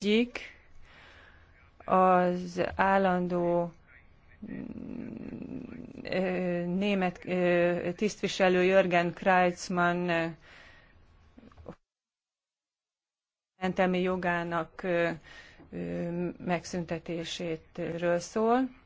egyik az állandó német tisztviselő Jörgen Kreitzmann mentelmi jogának megszüntetésétről szól.